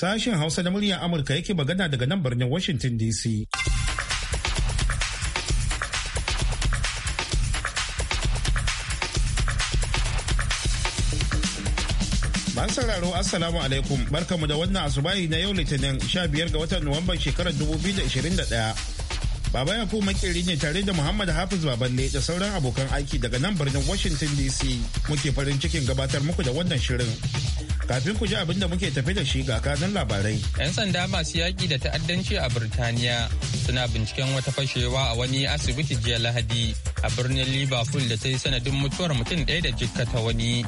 Sashen Hausa na muryar Amurka yake magana daga nan birnin Washington DC. an sauraro Assalamu alaikum barkamu da wannan asubahi na yau Litinin 15 ga watan Nuwamban shekarar 2021. Baba ya kuma ne tare da Muhammad Hafiz Baballe da sauran abokan aiki daga nan birnin Washington DC muke farin cikin gabatar muku da wannan shirin. Kafin ku ji abin da muke tafi da shi ga kazan labarai. 'Yan sanda masu yaƙi da ta'addanci a Birtaniya suna binciken wata fashewa a wani asibiti jiya Lahadi a birnin Liverpool da ta yi sanadin mutuwar mutum ɗaya da jikkata wani.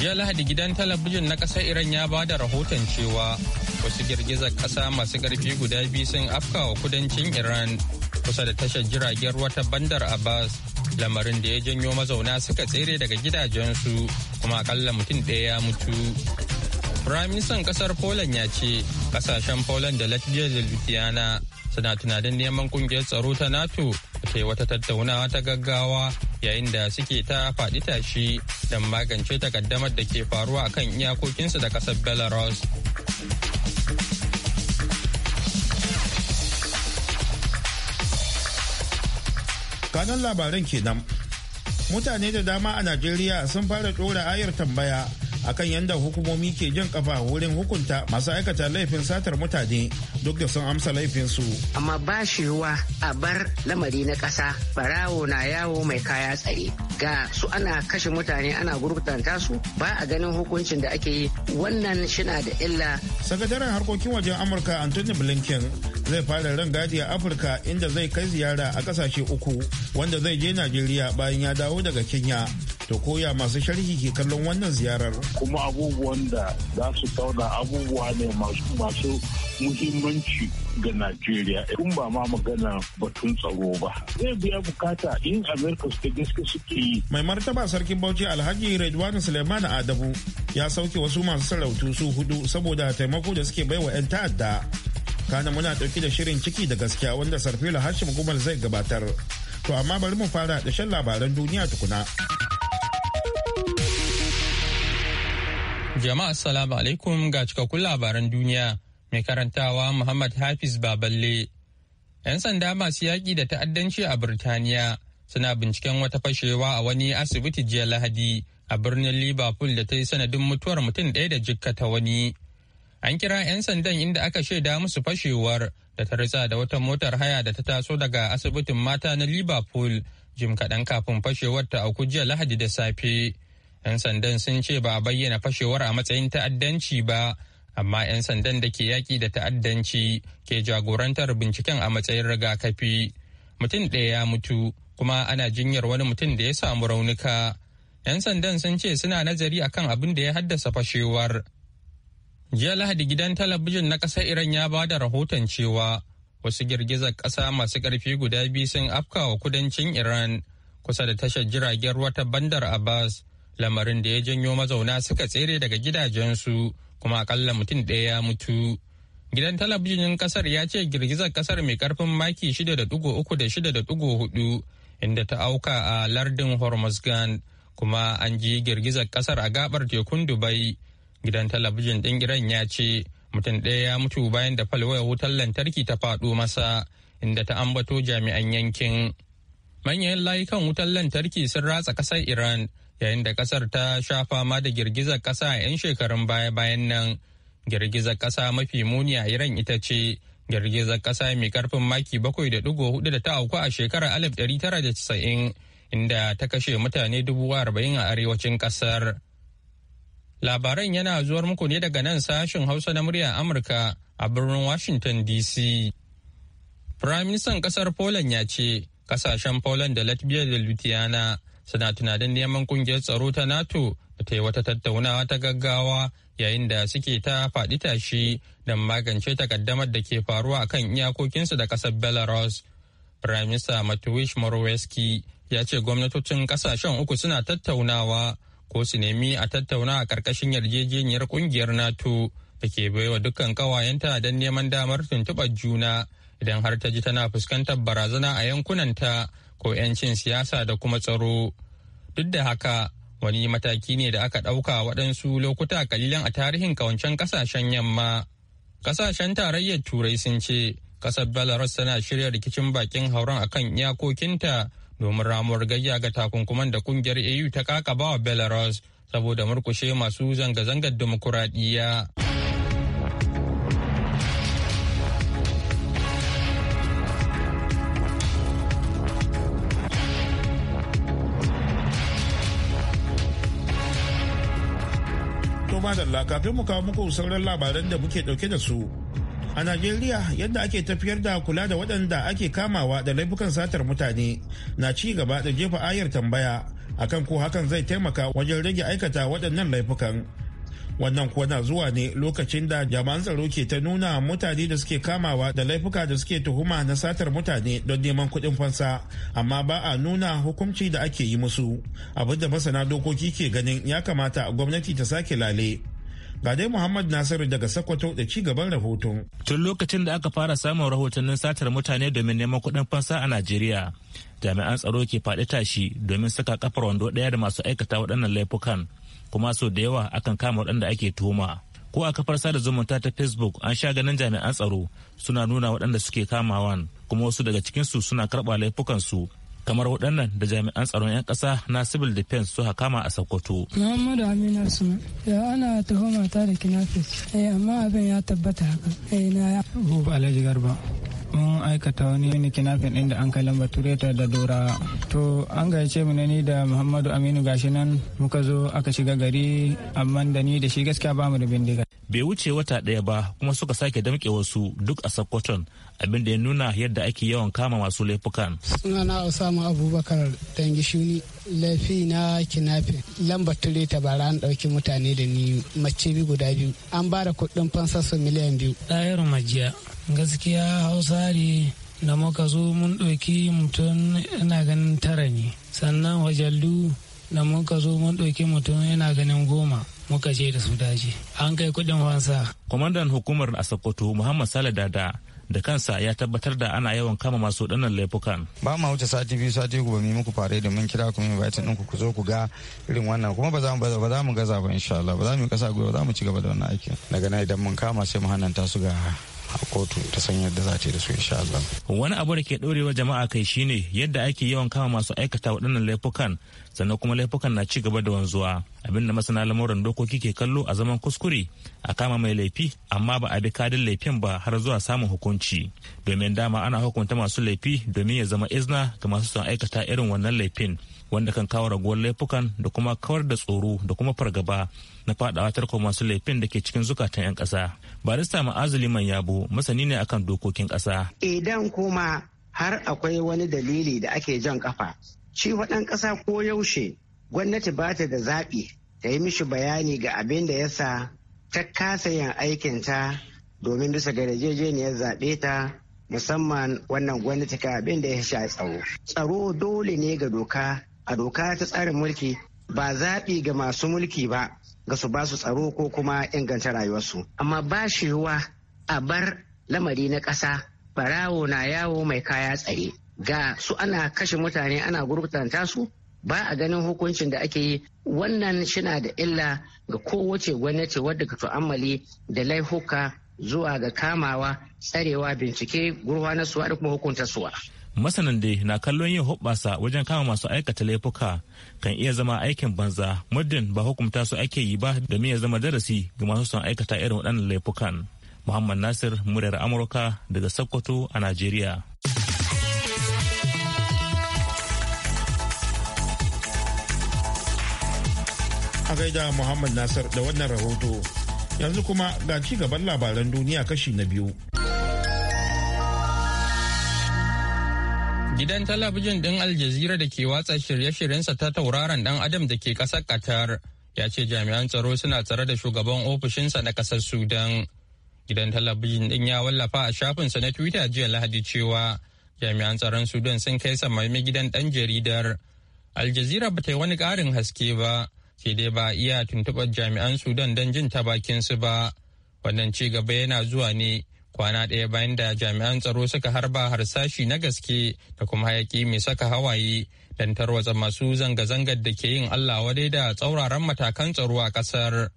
jiya lahadi gidan talabijin na ƙasar iran ya ba da rahoton cewa wasu girgizar ƙasa masu ƙarfi guda biyu sun afka wa kudancin iran kusa da tashar jiragen wata bandar abbas lamarin da ya janyo mazauna suka tsere daga gidajensu kuma akalla mutum ɗaya ya mutu firaministan kasar poland ya ce kasashen poland da latvia da lithuania suna tunanin neman kungiyar tsaro ta nato ta wata tattaunawa ta gaggawa yayin da suke ta faɗi tashi don magance takaddamar da ke faruwa kan iyakokinsu da kasar belarus kanan labaran kenan mutane da dama a najeriya sun fara ɗora ayar tambaya akan yadda hukumomi ke jan kafa wurin hukunta masu aikata laifin satar mutane duk da sun amsa laifin su. Amma ba shi ruwa a bar lamari na ƙasa barawo na yawo mai kaya tsaye. Ga su ana kashe mutane ana gurbatanta su ba a ganin hukuncin da ake yi wannan shina da illa. Sakataren harkokin wajen Amurka Anthony Blinken zai fara ran gadi a Afirka inda zai kai ziyara a ƙasashe uku wanda zai je Najeriya bayan ya dawo daga Kenya. da koya masu sharhi ke kallon wannan ziyarar. Kuma abubuwan da za su tauna abubuwa ne masu muhimmanci ga Najeriya. Kun ba ma magana batun tsaro ba. Zai biya bukata in Amerika su gaske suke yi. Mai martaba sarkin Bauchi Alhaji Redwan Suleiman Adamu ya sauke wasu masu sarautu su hudu saboda taimako da suke baiwa 'yan ta'adda. Kana muna ɗauki da shirin ciki da gaskiya wanda Sarfila Hashim Gumal zai gabatar. To amma bari mu fara da shan labaran duniya tukuna. Jama'a assalamu alaikum ga cikakkun labaran duniya mai karantawa Muhammad Hafiz Baballe. 'Yan sanda masu yaƙi da ta'addanci a Birtaniya suna binciken wata fashewa a wani asibiti jiya Lahadi a birnin Liverpool da ta yi sanadin mutuwar mutum ɗaya da jikkata wani. An kira 'yan sandan inda aka shaida musu fashewar da ta ritsa da wata motar haya da ta taso daga asibitin mata na Liverpool jim kaɗan kafin fashewar ta auku jiya Lahadi da safe. 'Yan sandan sun ce ba a bayyana fashewar a matsayin ta'addanci ba, amma 'yan sandan da ke yaƙi da ta'addanci ke jagorantar binciken a matsayin rigakafi. Mutum ɗaya ya mutu, kuma ana jinyar wani mutum da ya samu raunuka. 'Yan sandan sun ce suna nazari akan abin da ya haddasa fashewar. Jiya Lahadi gidan talabijin na ƙasar Iran ya ba da rahoton cewa wasu girgizar ƙasa masu ƙarfi guda biyu sun afkawa kudancin Iran kusa da tashar jiragen ruwa ta Bandar Abbas lamarin da ya janyo mazauna suka tsere daga gidajensu kuma akalla mutum ɗaya ya mutu. Gidan talabijin kasar ya ce girgizar kasar mai karfin maki 6.3 da 6.4 inda ta auka a lardin Hormuzgan kuma an ji girgizar kasar a gabar tekun Dubai. Gidan talabijin ɗin Iran ya ce mutum ɗaya ya mutu bayan da falwaya wutar lantarki ta faɗo masa inda ta ambato jami'an yankin. Manyan layukan wutar lantarki sun ratsa ƙasar Iran yayin da kasar ta sha fama da girgizar kasa a 'yan shekarun baya-bayan nan girgizar kasa mafi muni a iran ita ce girgizar kasa mai karfin maki bakwai da hudu da ta auku a shekarar 1990 inda ta kashe mutane dubu a arewacin kasar labaran yana zuwar muku ne daga nan sashen hausa na murya amurka a birnin washington dc firaministan kasar poland ya ce kasashen poland da latvia da lithuania suna tunanin neman kungiyar tsaro ta nato da ta yi wata tattaunawa ta gaggawa yayin da suke ta faɗi tashi don magance takaddamar da ke faruwa a kan iyakokinsu da ƙasar belarus firaminista matuwish morowski ya ce gwamnatocin ƙasashen uku suna tattaunawa ko su nemi a tattauna a ƙarƙashin yarjejeniyar ƙungiyar nato da ke baiwa dukkan ƙawayenta don neman damar tuntuɓar juna idan har ta ji tana fuskantar barazana a yankunanta ko 'yancin siyasa da kuma tsaro duk da haka wani mataki ne da aka ɗauka waɗansu lokuta kalilan a tarihin kawancen ƙasashen yamma ƙasashen tarayyar turai sun ce ƙasar belarus tana shirya rikicin bakin hauren akan iyakokinta domin ramuwar gayya ga takunkuman da ƙungiyar au ta kakaba wa belarus saboda murkushe masu zanga-zangar dimokuraɗiyya. To madalla kafin mu kawo muku sauran labaran da muke dauke da su. A Najeriya yadda ake tafiyar da kula da waɗanda ake kamawa da laifukan satar mutane na ci gaba da jefa ayar tambaya akan ko hakan zai taimaka wajen rage aikata waɗannan laifukan. wannan kuwa na zuwa ne lokacin da jami'an tsaro ke ta nuna mutane da suke kamawa da laifuka da suke tuhuma na satar mutane don neman kuɗin fansa amma ba a nuna hukunci da ake yi musu abin da masana dokoki ke ganin ya kamata gwamnati ta sake lale gadai dai muhammad nasiru daga sakwato da ci gaban rahoton tun lokacin da aka fara samun rahotannin satar mutane domin neman kuɗin fansa a najeriya jami'an tsaro ke faɗi tashi domin saka kafar wando ɗaya da masu aikata waɗannan laifukan kuma sau da yawa akan kama waɗanda ake tuhuma ko a kafar sada zumunta ta facebook an sha ganin jami'an tsaro suna nuna waɗanda suke kamawan kuma wasu daga cikinsu suna karɓa su kamar waɗannan da jami'an tsaron 'yan ƙasa na civil defense su hakama a sokoto. muhammadu aminu suna ya ana tuhuma ta da kinafis eh, amma abin ya tabbata haka eh, na ya alhaji garba mun aikata wani kinafin din da an kai lamba tureta da dora to an gayyace mu ni da muhammadu aminu gashi nan muka zo aka shiga gari amma da ni da shi gaskiya ba mu da bindiga bai wuce wata ɗaya ba kuma suka sake damke wasu duk a sokoton abin da ya nuna yadda ake yawan kama masu laifukan Suna sunana osama abubakar shuni laifi na kinafin lambar tureta bara an ɗauki mutane da ni mace bi guda biyu an ba da kuɗin fansa su miliyan biyu ɗayar majiya gaskiya hausa ne da muka zo mun ɗauki mutum yana ganin tara ne sannan wajallu da muka zo mun ɗauki mutum yana ganin goma muka je da su daji an kai kuɗin wansa. kwamandan hukumar a sokoto muhammad sale dada da kansa ya tabbatar da ana yawan kama masu ɗanan laifukan. ba ma wuce sati biyu sati uku ba mu muku fare da mun kira ku mu bayatin ɗinku ku zo ku ga irin wannan kuma ba za mu ba za mu gaza ba insha Allah ba za mu yi ƙasa ba za mu ci gaba da wannan aikin daga nan idan mun kama sai mu hananta su ga a kotu ta san yadda za ta da su insha Allah. Wani abu da ke ɗorewa jama'a kai shine yadda ake yawan kama masu aikata waɗannan laifukan sannan kuma laifukan na ci gaba da wanzuwa abinda masana lamuran dokoki ke kallo a zaman kuskure a kama mai laifi amma ba a bi kadin laifin ba har zuwa samun hukunci domin dama ana hukunta masu laifi domin ya zama izna ga masu son aikata irin wannan laifin wanda kan kawo raguwar laifukan da kuma kawar da tsoro da kuma fargaba na fadawa tarko masu laifin da ke cikin zukatan 'yan ƙasa. Barista Ma'azu Liman Yabo masani ne akan dokokin ƙasa. Idan kuma har akwai wani dalili da ake jan kafa, shi waɗan ƙasa ko yaushe gwamnati ba ta da zaɓi ta yi mishi bayani ga abin da ya sa ta kasa yin aikinta domin bisa ga yarjejeniyar zaɓe ta musamman wannan gwamnati ka abin da ya sha tsaro. Tsaro dole ne ga doka a doka ta tsarin mulki ba zaɓi ga masu mulki ba ga su basu tsaro ko kuma inganta rayuwarsu. Amma ba shi ruwa a bar lamari na ƙasa barawo na yawo mai kaya tsaye. Ga su ana kashe mutane ana gurbatanta su ba a ganin hukuncin da ake yi wannan shina da illa ga kowace gwamnati wadda ka tu'ammali da laifuka zuwa ga kamawa tsarewa bincike gurwa na suwa, da kuma suwa. masanan dai na kallon yin hoɓɓasa wajen kama masu aikata laifuka kan iya zama aikin banza muddin ba hukumta su ake yi ba da ya zama darasi ga masu son aikata irin waɗannan laifukan muhammad nasir muryar amurka daga sokoto a najeriya a gaida muhammad nasir da wannan rahoto yanzu kuma ga ci gaban labaran duniya kashi na biyu Gidan talabijin ɗin Al Jazeera da ke watsa shirye-shiryensa ta tauraron ɗan Adam da ke ƙasar Qatar ya ce jami'an tsaro suna tsare da shugaban ofishinsa na ƙasar Sudan. Gidan talabijin ɗin ya wallafa a shafinsa na Twitter jiya Lahadi cewa jami'an tsaron Sudan sun kai samami gidan ɗan jaridar. Al Jazeera ba ta yi wani ƙarin haske ba, sai dai ba iya tuntuɓar jami'an Sudan don jin ta bakin su ba. Wannan ci gaba yana zuwa ne kwana ɗaya bayan da jami'an tsaro suka harba harsashi na gaske da kuma hayaki mai saka hawaye don tarwatsa masu zanga-zangar da ke yin Allah wadai da tsauraran matakan tsaro a ƙasar.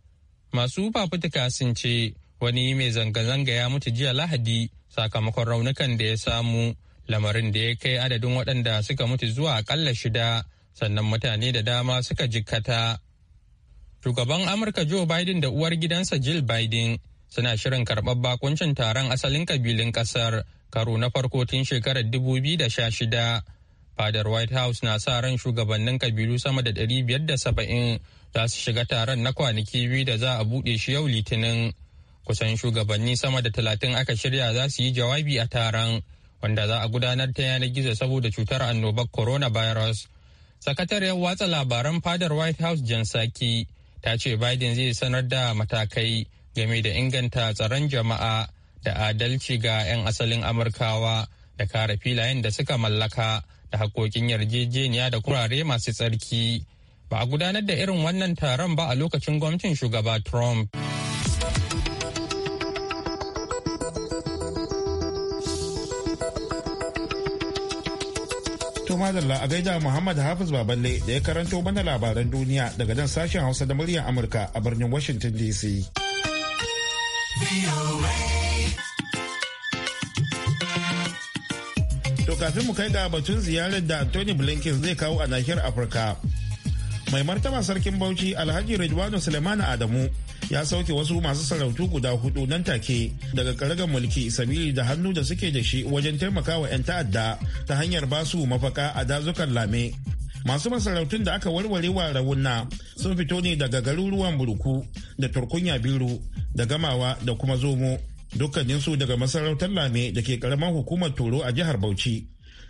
Masu fafutuka sun ce wani mai zanga-zanga ya mutu jiya Lahadi sakamakon raunukan da ya samu lamarin da ya kai adadin waɗanda suka mutu zuwa aƙalla shida sannan mutane da dama suka jikkata. Shugaban Amurka Joe Biden da uwar gidansa Jill Biden suna shirin karɓar bakuncin taron asalin kabilin ƙasar karo na farko tun shekarar 2016 fadar white house na sa ran shugabannin kabilu sama da 570 za su shiga taron na kwanaki biyu da za a buɗe shi yau litinin kusan shugabanni sama da 30 aka shirya za su yi jawabi a taron wanda za a gudanar ta yanar gizo saboda cutar annobar coronavirus sakatariyar watsa labaran fadar white house jan saki ta ce biden zai sanar da matakai game da inganta tsaron jama'a da adalci ga 'yan asalin amurkawa da kare filayen da suka mallaka da haƙoƙin yarjejeniya da kurare masu tsarki ba a gudanar da irin wannan taron ba a lokacin gwamnatin shugaba trump To madalla a gaida Muhammad Hafiz Baballe da ya karanto mana labaran duniya daga nan sashen Hausa da muryar Amurka a birnin Washington DC. To kafin mu kai ga batun ziyarar da Tony Blinken zai kawo a nahiyar Afirka. Mai martaba sarkin Bauchi Alhaji Rajwano Suleiman Adamu ya sauke wasu masu sarautu guda hudu nan take daga karagar mulki sabili da hannu da suke da shi wajen taimakawa 'yan ta'adda ta hanyar basu mafaka a dazukan lame masu masarautun da aka warware wa rawunna sun fito ne daga garuruwan burku da turkunya biru da gamawa da kuma zomo su daga masarautar lame da ke karamar hukumar toro a jihar bauchi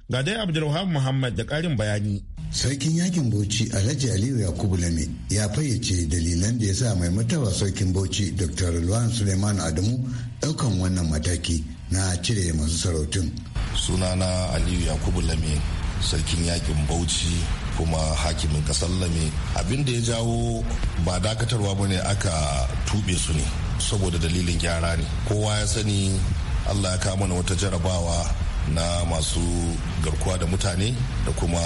ga dai abdulrahman muhammad da karin bayani sarkin yakin bauchi alhaji aliyu yakubu lame ya fayyace dalilan da ya sa mai matawa sarkin bauchi dr luwan suleiman adamu ɗaukan wannan mataki na cire masu sarautun sunana aliyu yakubu lame sarkin yakin bauchi kuma hakimin lame abin da ya jawo ba dakatarwa ba ne aka tuɓe su ne saboda dalilin gyara ne kowa ya sani allah ya kama na wata jarabawa na masu garkuwa da mutane da kuma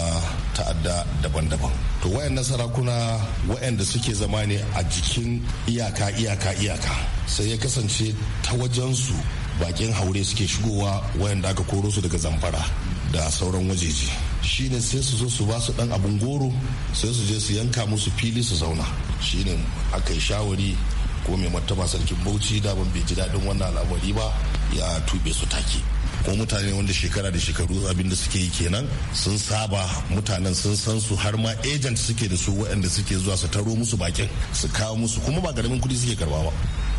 ta'adda daban-daban to wayannan sarakuna wayanda suke zama ne a jikin iyaka iyaka iyaka sai ya kasance ta wajensu bakin haure suke shigowa wayanda aka koro su daga zamfara da sauran wajeje shine sai su zo su ba su dan abun goro sai su je su yanka musu fili su zauna shine aka yi shawari ko mai martaba sarkin bauchi daban bai ji daɗin wannan al'amari ba ya tube su take ko mutane wanda shekara da shekaru abin da suke yi kenan sun saba mutanen sun san su har ma agent suke da su waɗanda suke zuwa su taro musu bakin su kawo musu kuma ba garamin kuɗi suke karba ba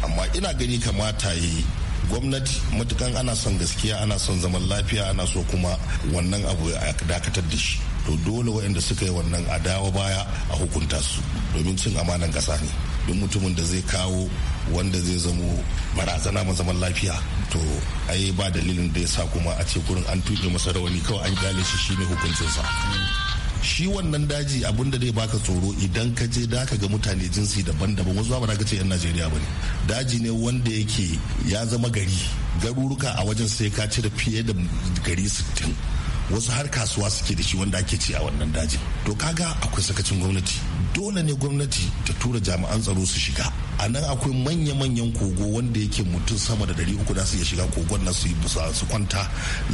amma ina gani kamata yi gwamnati matukan ana son gaskiya ana son zaman lafiya ana so kuma wannan abu a dakatar da shi to dole waɗanda suka yi wannan a dawo baya a hukunta su domin cin amanan kasa ne duk mutumin da zai kawo wanda zai zamo barazana ma zaman lafiya to ai ba dalilin da ya sa kuma a ce gurin an tuɗe masa rawani kawai an kyale shi shine hukuncinsa shi wannan daji abin da zai baka tsoro idan ka je da ka ga mutane jinsi daban-daban wasu ba ka ce yan najeriya ba ne daji ne wanda yake ya zama gari garuruka a wajen sai ka cire fiye da gari sittin wasu har kasuwa suke da shi wanda ake ci a wannan daji to kaga akwai sakacin gwamnati dole ne gwamnati ta tura jami'an tsaro su shiga a nan akwai manya-manyan kogo wanda yake mutum sama da 300 da su iya shiga kogon na su su kwanta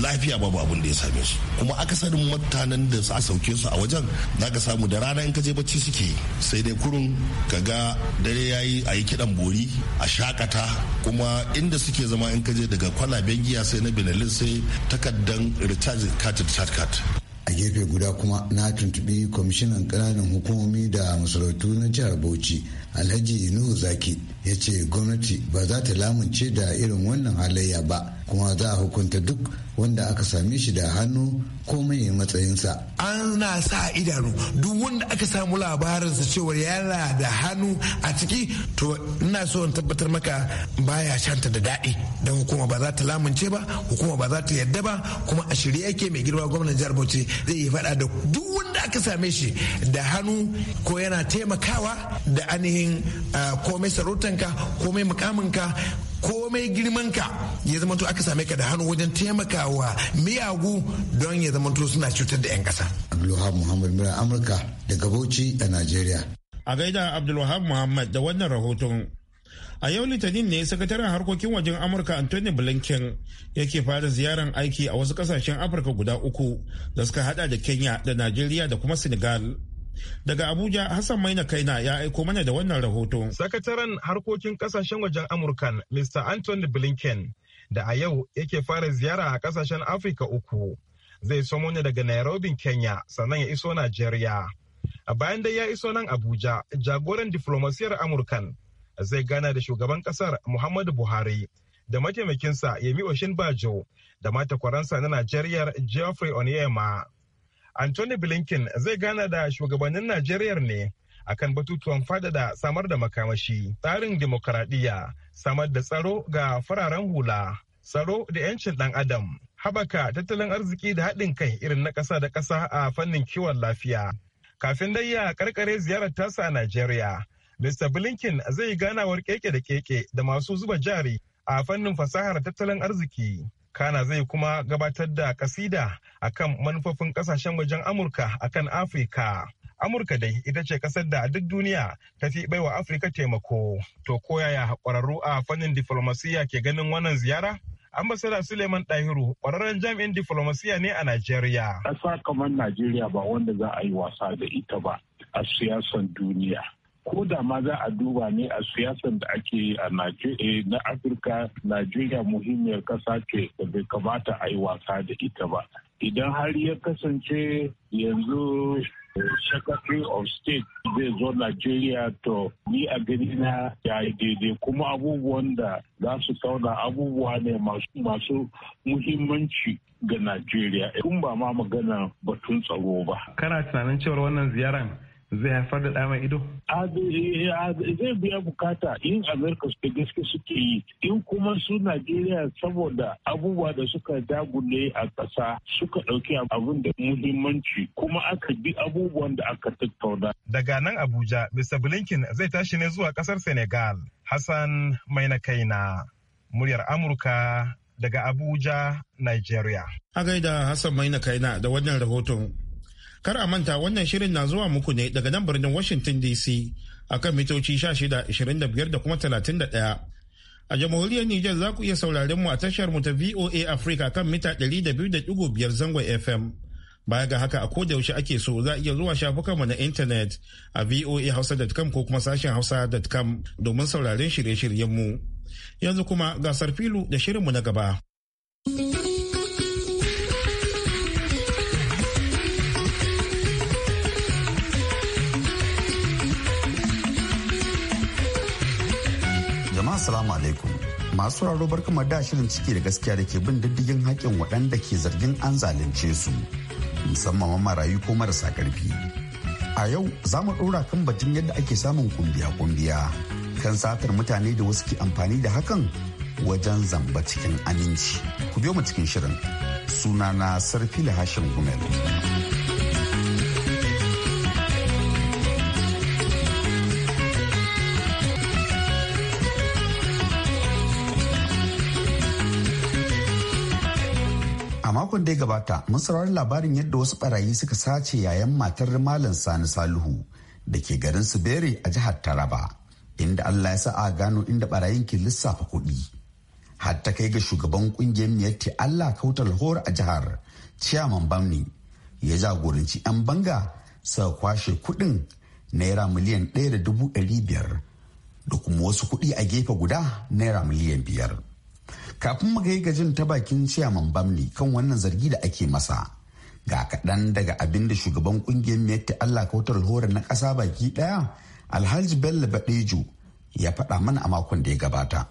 lafiya babu abin da ya same su kuma akasarin mutanen da a sauke su a wajen zaka samu da rana in ka je bacci suke sai dai kurun ka ga dare yayi a yi kidan bori a shakata kuma inda suke zama in ka je daga kwalaben giya sai na benelin sai takardan recharge card card a gefe guda kuma na tuntuɓi kwamishinan ƙananan hukumomi da masarautu na jihar bauchi alhaji nuhu zaki ya ce gwamnati ba za ta lamunce da irin wannan halayya ba kuma za a hukunta duk wanda aka same shi da hannu ko mai matsayinsa. Ana sa idanu duk wanda aka samu labarinsa cewa yana da hannu a ciki to ina so in tabbatar maka baya shanta da daɗi don hukuma ba za ta lamunce ba hukuma ba za ta yadda ba kuma a shirye yake mai girma gwamnan jihar Bauchi zai yi faɗa da duk wanda aka same shi da hannu ko yana taimakawa da ainihin ah, komai sarautanka komai mukaminka komai girman ka ya zama to aka same ka da hannu wajen taimakawa miyagu don ya zama to suna cutar da 'yan ƙasa. Abdulwahab Muhammad Mura Amurka daga Bauchi a Najeriya. A gaida Abdulwahab Muhammad da wannan rahoton a yau litinin ne sakataren harkokin wajen amurka anthony blinken yake fara ziyarar aiki a wasu kasashen afirka guda uku da suka hada da kenya da najeriya da kuma senegal Daga Abuja, Hassan Maina Kaina ya aiko mana da wannan rahoto. Sakataren harkokin kasashen wajen Amurkan, Mr. Anthony Blinken, da a yau yake fara ziyara a kasashen Afirka uku. Zai samo ne daga Nairobi, Kenya, sannan ya iso Najeriya. A bayan da ya iso nan Abuja, jagoran diflomasiyar Amurkan zai gana da shugaban kasar Muhammadu Buhari da mataimakinsa Yemi Oshin Bajo da matakwaransa na Najeriya Geoffrey Onyema. Anthony Blinken zai gana da shugabannin Najeriya ne a kan batutuwan fadada samar da makamashi, tsarin demokaradiyya, samar da tsaro ga fararen hula, tsaro da 'yancin ɗan adam, habaka tattalin arziki da haɗin kai irin na ƙasa da ƙasa a fannin kiwon lafiya. Kafin dai ya karkare ziyarar tasa a Najeriya, Mr. Blinken zai ganawar keke da keke da masu zuba jari a fannin fasahar tattalin arziki. kana zai kuma gabatar da kasida akan manufofin kasashen wajen amurka akan afirka amurka dai ita ce kasar da duk duniya ta fi baiwa afirka taimako to koyaya kwararru a fannin diflomasiya ke ganin wannan ziyara ambasada suleiman dahiru kwararren jami'in diflomasiya ne a najeriya ƙasa kamar najeriya ba wanda za a yi wasa da ita ba a siyasan duniya ko da ma za a duba ne a siyasar da ake a Najeriya. Eh, na afirka najeriya muhimmiyar kasa ce da bai kamata a yi wasa da ita ba idan har ya kasance yanzu eh, secretary of state zai zo Najeriya to ni a gani na ya yi daidai kuma abubuwan da za su tauna abubuwa ne masu muhimmanci ga Najeriya. Kun ba ma magana batun tsaro ba. Kana tunanin cewar wannan ziyaran zai haifar da ɗama ido? Eh, zai biya bukata in amerika da gaske suke yi in kuma su najeriya saboda abubuwa da suka dagule a ƙasa suka ɗauki abin da muhimmanci kuma aka bi abubuwan da aka tattauna. daga nan abuja mr blinken zai tashi ne zuwa ƙasar senegal hassan mai na kaina muryar amurka daga abuja nigeria a gaida hassan mai na kaina da wannan rahoton Kar a manta wannan shirin na zuwa muku ne daga nan birnin Washington DC a kan mitoci 1625 da kuma 31. A jamhuriyar Nijar za ku iya sauraren mu a tashar mu ta VOA Africa kan mita 200.5 zangon FM. Baya ga haka a koda yaushe ake so za a iya zuwa shafukan mu na intanet a voahausa.com ko kuma sashen hausa.com domin sauraren shirye-shiryen mu. Yanzu kuma gasar filu da shirinmu na gaba. Assalamu alaikum. Masu raro barkama da shirin ciki da gaskiya da ke bin diddigin haƙƙin waɗanda ke zargin an zalunce su, musamman marayu ko marasa ƙarfi. A yau za mu ɗora kan batun yadda ake samun kumbiya-kumbiya kan satar mutane da wasu ke amfani da hakan wajen zamba cikin aminci. Ku biyo mu cikin shirin. Sunana Sarfila Hashim Gumel. makon da ya gabata mun saurari labarin yadda wasu barayi suka sace yayan matar malam sani salihu da ke garin su bere a jihar taraba inda allah ya sa a gano inda barayin ke lissafa kuɗi hatta kai ga shugaban kungiyar miyatti allah kautal lahore a jihar ciyaman bamni ya jagoranci 'yan banga suka kwashe kuɗin naira miliyan ɗaya da dubu ɗari biyar da kuma wasu kuɗi a gefe guda naira miliyan biyar kafin mu ga jin ta bakin ciyaman bamni kan wannan zargi da ake masa ga kaɗan daga abin da shugaban kungiyar miyatti allah kautar horar na kasa baki ɗaya alhaji bello badejo ya faɗa mana a makon da ya gabata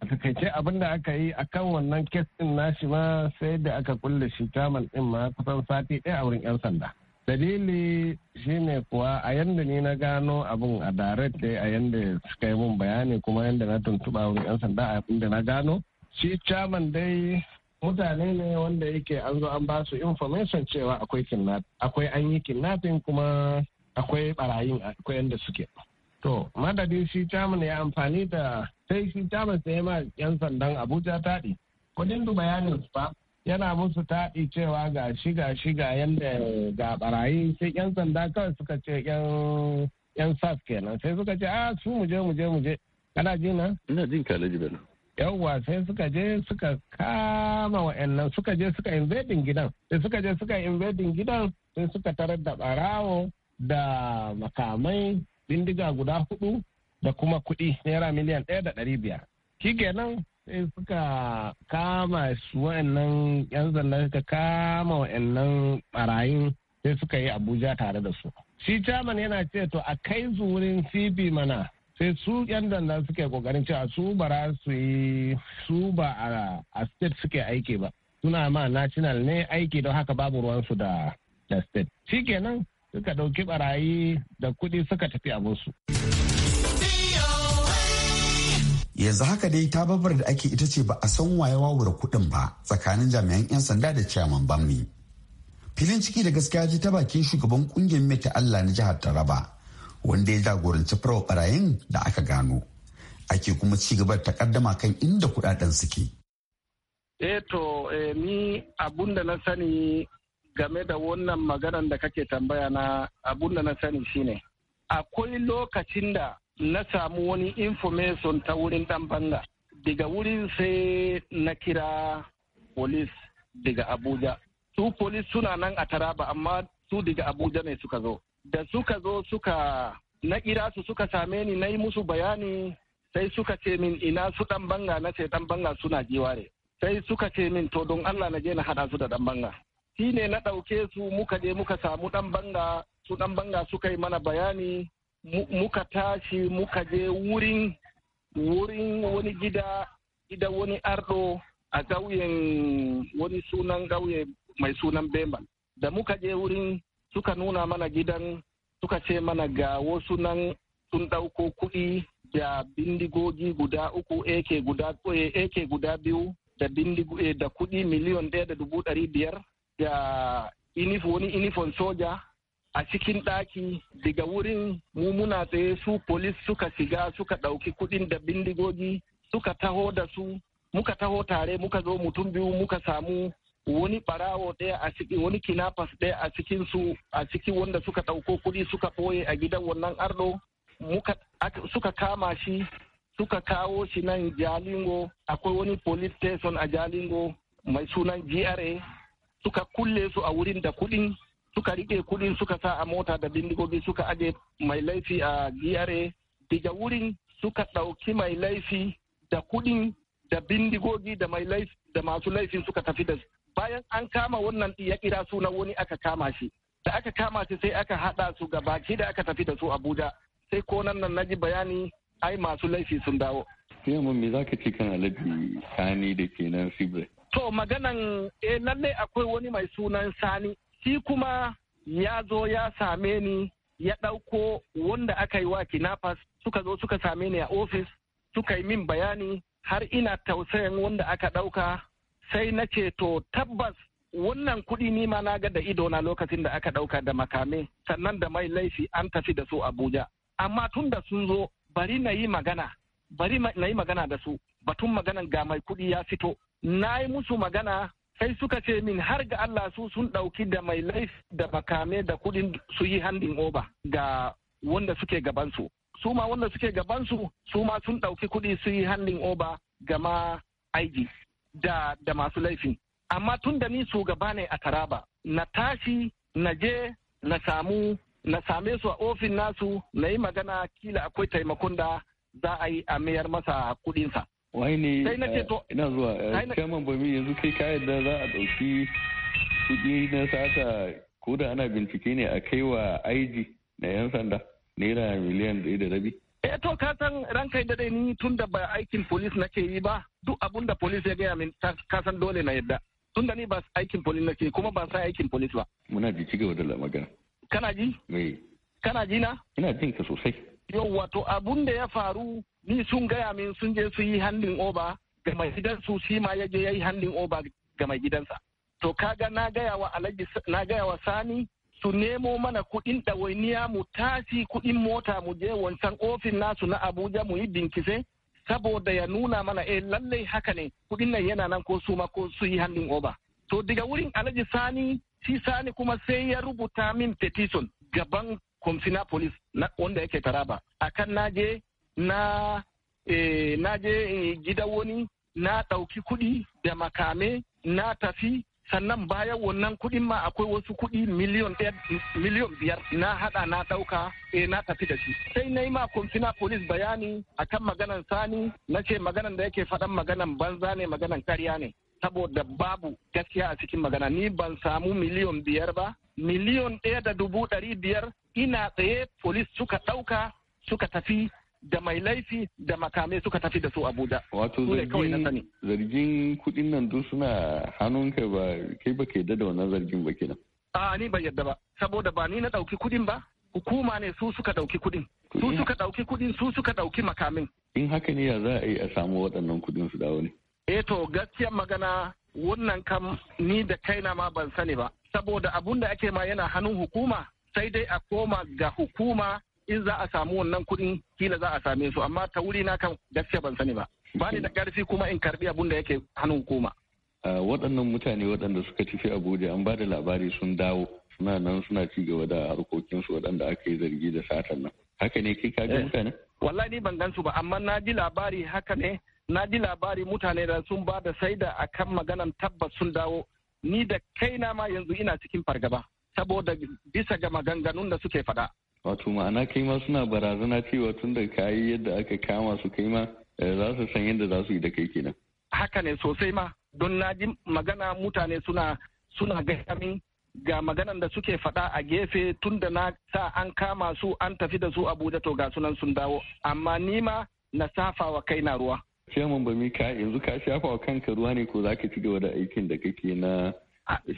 a takaice abin da aka yi a kan wannan kes ɗin nashi ma sai da aka kulle shi tamal ɗin ma kusan sati ɗaya a wurin 'yan sanda dalili shine kuwa a yadda ni na gano abin a direct dai a yadda suka yi mun bayani kuma yanda na tuntuɓa wurin 'yan sanda a abin da na gano shi chairman dai mutane ne wanda yake an zo an ba su information cewa akwai kidnap akwai an yi kidnapping kuma akwai barayin akwai yanda suke to madadi shi chairman ya amfani da sai shi chairman sai ma yan sandan abuja taɗi kudin du bayanin ba yana musu taɗi cewa ga shi ga shi ga yadda ga barayi sai yan sanda kawai suka ce yan sas kenan sai suka ce a ah, su muje muje muje kana ji na ina jin kalaji bello yawwa sai suka je suka kama wa'annan suka je suka invadin gidan sai suka je suka invadin gidan sai suka tarar da barawo da makamai bindiga guda hudu da kuma kudi naira miliyan ɗaya da ɗari biyar kigenan sai suka kama su wa'annan yan zalla suka kama wa'annan barayin sai suka yi abuja tare da su shi chairman yana ce to a kai su wurin cb mana sai su yan danda suke kokarin cewa su bara su yi su ba a state suke aiki ba suna ma national ne aiki don haka babu ruwansu da da state shikenan suka dauki barayi da kudi suka tafi musu yanzu haka dai ta babar da ake ita ce ba a san waye wawura kudin ba tsakanin jami'an 'yan sanda da ciyaman bammi filin ciki da gaskiya ji ta bakin shugaban kungiyar mai ta allah na jihar taraba wanda ya jagoranci farawa barayin da aka gano ake kuma ci gaba da takaddama kan inda kudaden suke eh to eh, ni abunda na sani game da wannan maganar da kake tambaya na abunda na sani shine akwai lokacin da na samu wani information ta wurin dan banga daga wurin sai na kira police daga abuja su police suna nan a taraba amma su daga abuja ne suka zo da suka zo suka na kira su suka same ni na yi musu bayani sai suka ce min ina su dan banga na ce dan banga suna jiware sai suka ce min to don Allah na je na hada su da dan banga shi ne na ɗauke su muka je muka samu dan banga su dan banga suka yi mana bayani muka tashi muka je wurin wurin wani gida gida wani ardo a gauyen wani sunan gauye mai sunan bemba da muka je wurin suka nuna mana gidan suka ce mana ga wasu nan sun ɗauko kuɗi da bindigogi guda uku ak guda, eh, AK guda biyu da bindigo eh, da kuɗi miliyon ɗaya da dubu ɗari biyar da inif wani inifon soja a cikin ɗaki daga wurin mu muna tsaye su polis suka shiga suka ɗauki kuɗin da bindigogi suka taho da su muka taho tare muka zo mutum biyu muka samu wani barawo ɗaya a ciki wani kinafas ɗaya a cikin su a ciki wanda suka ɗauko kuɗi suka ɓoye a gidan wannan ardo muka suka kama shi suka kawo shi nan jalingo akwai wani police station a jalingo mai sunan gra suka kulle su a wurin da kuɗin suka riƙe kuɗin suka sa a mota da bindigogi suka aje mai laifi a gra daga wurin suka ɗauki mai laifi da kuɗin da bindigogi da mai laifi da masu laifin suka tafi da bayan an kama wannan ya kira suna wani aka kama shi da aka kama shi sai aka hada su ga baki da aka tafi da su abuja sai ko nan nan naji bayani ai masu laifi sun dawo mun me zaka ce kan alabi sani da kenan sibre to maganan eh lalle akwai wani mai sunan sani shi kuma ya zo ya same ni ya ɗauko wanda aka yi wa kinafas suka zo suka same ni a ofis suka yi min bayani har ina tausayin wanda aka ɗauka sai na ce to tabbas wannan kuɗi ni ma na ga da idona lokacin da aka ɗauka da makame sannan da mai laifi an tafi da su Abuja. Amma tun da sun zo bari na yi magana, bari na yi magana da su batun maganan ga mai kuɗi ya fito. Na yi musu magana sai suka ce min har ga Allah su sun ɗauki da mai laifi da makame da kuɗin su yi handin oba ga wanda suke gabansu. Su ma wanda suke gabansu su ma sun ɗauki kuɗi su yi handin oba gama aiki. da, da masu laifi. Amma tun da ni shugaba ne a Taraba, na tashi, na je, na samu, na same su a ofin nasu, na yi magana kila akwai taimakon da za a yi a mayar masa kudinsa. Wai ne, eh, ina zuwa, kaman eh, bami yanzu kai ka yadda za a ɗauki kuɗi na sata ko da ana bincike ne a kai wa IG na 'yan sanda naira miliyan ɗaya da rabi. Eh to ka san ranka da dai ni tun da ba aikin police nake yi ba duk abun da police ya gaya min ka san dole na yadda tun da ni ba aikin police nake kuma ba sai aikin police ba. Muna ji ci gaba da magana. Kana ji? me eh. Kana ji na? Ina jin ka sosai. Yawwa to abun da ya faru ni sun gaya min sun je su yi handling over ga mai su shi ma ya je yi handing over ga mai gidansa. To kaga na gaya wa Alhaji na gaya wa Sani su nemo mana kuɗin ɗawainiya mu tashi kuɗin mota mu je wancan ofin nasu na abuja mu yi binkise saboda ya nuna mana eh lallai haka ne kuɗin nan yana nan ko su ma ko su yi hannun oba to daga wurin alhaji sani shi sani kuma sai ya rubuta min petition gaban komsina police wanda yake taraba akan naje na eh, naje eh, gida wani na ɗauki kuɗi da makame na tafi sannan bayan wannan kuɗin ma akwai wasu kuɗi miliyon ɗaya miliyon biyar na haɗa na ɗauka eh na tafi da shi sai na yi ma kumfina polis bayani akan maganan sani na ce maganan da yake faɗan maganan banza ne maganan karya ne saboda babu gaskiya a cikin magana ni ban samu miliyon biyar ba miliyon ɗaya da dubu ɗari biyar ina tsaye polis suka ɗauka suka tafi da mai laifi da makamai suka tafi da su Abuja. Wato zargin kuɗin nan duk suna hannunka ba kai ba ka yadda da wannan zargin ba kenan. A ni ba yadda ba saboda ba ni na ɗauki kuɗin ba hukuma ne su suka ɗauki kuɗin. Su suka ɗauki kuɗin su suka ɗauki makamin. In haka ne ya za a yi a samu waɗannan kudin su dawo ne. Eh to gaskiyar magana wannan kam ni da kaina ma ban sani ba. Saboda abun da ake ma yana hannun hukuma sai dai a koma ga hukuma in za a samu wannan kuɗin kila za a same su amma ta wuri na kan gaskiya ban sani ba ba ni da ƙarfi kuma in karbi abun da yake hannun hukuma. waɗannan mutane waɗanda suka tafi abuja an ba da labari sun dawo suna nan suna ci gaba da harkokinsu waɗanda aka yi zargi da satan nan haka ne kai ka ji eh. mutane. wallahi ni ban gansu ba amma na ji labari haka ne na ji labari mutane da sun ba da saida akan maganan tabbas sun dawo ni da kaina ma yanzu ina cikin fargaba saboda bisa ga maganganun da suke faɗa. wato ma'ana kai ma suna barazana cewa tun da kayi yadda aka kama su kai ma eh, za su san yadda za su yi da kai kenan haka ne sosai ma don na ji magana mutane suna suna ga maganan da suke faɗa a gefe tun da na sa an kama su an tafi da su abuja to ga sunan sun dawo amma ni ma na safa wa kai na ruwa ciyaman ba ka yanzu ka shafa wa kanka ruwa ne ko za ka ci gaba da aikin da kake na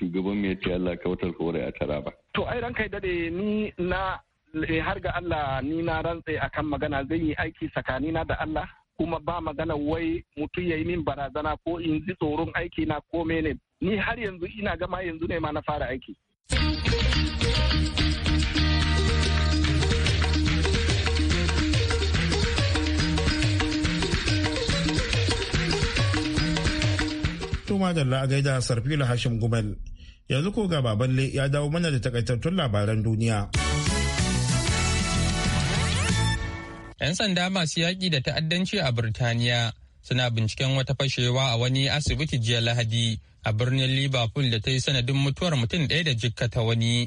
shugaban mai ce Allah kautar kore a tara ba. To ai kai dade ni na Eh, har ga Allah ni na rantse akan magana zai yi aiki tsakanina da Allah kuma ba magana wai mutum ya yi min barazana ko in ji tsoron aiki na ko mene ni har yanzu ina gama yanzu ne ma na fara aiki. Tuma da la'agaida Sarfila Hashim Gumel yanzu ko ga baballe ya dawo mana da takaitattun labaran duniya. 'Yan sanda masu yaƙi da ta'addanci a Birtaniya suna binciken wata fashewa a wani asibiti jiya Lahadi a birnin Liverpool da ta yi sanadin mutuwar mutum ɗaya da jikkata wani.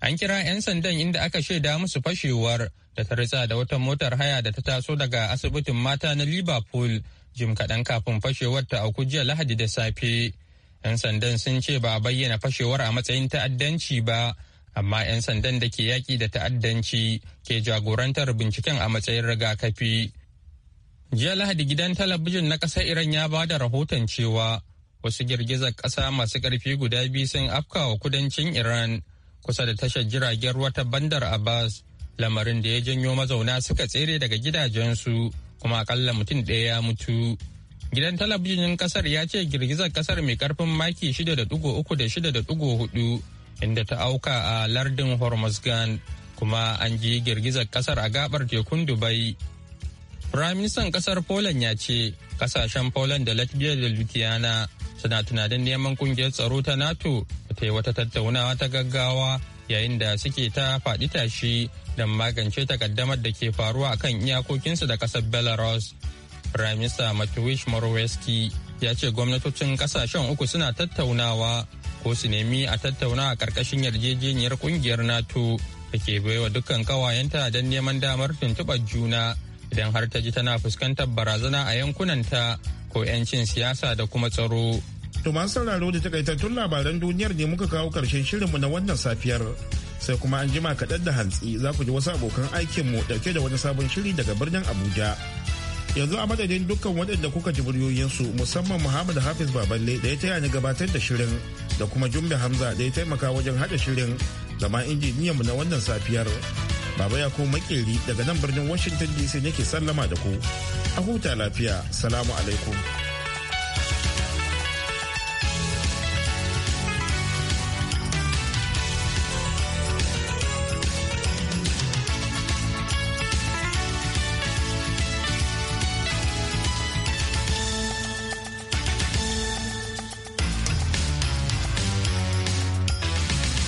An kira 'yan sandan inda aka shaida musu fashewar da ta ritsa da wata motar haya da ta taso daga asibitin mata na Liverpool jim kaɗan kafin fashewar ta auku jiya Lahadi da safe. 'Yan sandan sun ce ba a bayyana fashewar a matsayin ta'addanci ba amma 'yan sandan da ke yaƙi da ta'addanci ke jagorantar binciken a matsayin rigakafi. Jiya Lahadi gidan talabijin na ƙasar Iran ya ba da rahoton cewa wasu girgizar ƙasa masu ƙarfi guda biyu sun afkawa kudancin Iran kusa da tashar jiragen ruwa Bandar Abbas, lamarin da ya janyo mazauna suka tsere daga gidajensu kuma akalla mutum ɗaya ya mutu. Gidan talabijin ƙasar ya ce girgizar ƙasar mai ƙarfin maki 6.3 da 6.4 inda ta auka a lardin hormozgan kuma an ji girgizar kasar a gabar tekun dubai firaministan kasar poland ya ce kasashen poland da latvia da lithuania suna tunanin neman kungiyar tsaro ta nato ta yi wata tattaunawa ta gaggawa yayin da suke ta faɗi tashi don magance takaddamar da ke faruwa kan iyakokinsu da kasar belarus firaminista matwish morowski ya ce gwamnatocin kasashen uku suna tattaunawa ko su nemi a tattauna a ƙarƙashin yarjejeniyar ƙungiyar nato da ke baiwa dukkan ƙawayenta don neman damar tuntuɓar juna idan har ta ji tana fuskantar barazana a yankunanta ko 'yancin siyasa da kuma tsaro. To masu sauraro da takaitattun labaran duniyar ne muka kawo ƙarshen shirinmu na wannan safiyar. Sai kuma an jima kaɗan da hantsi za ku ji wasu abokan aikinmu ɗauke da wani sabon shiri daga birnin Abuja. yanzu a madadin dukkan waɗanda kuka ji muryoyinsu musamman muhammad hafiz baballe da ya taya ni gabatar da shirin da kuma jumbe hamza da ya taimaka wajen hada shirin zama injiniyanmu na wannan safiyar baba ya ko makeri daga nan birnin washington dc nake sallama da ku a huta lafiya salamu alaikum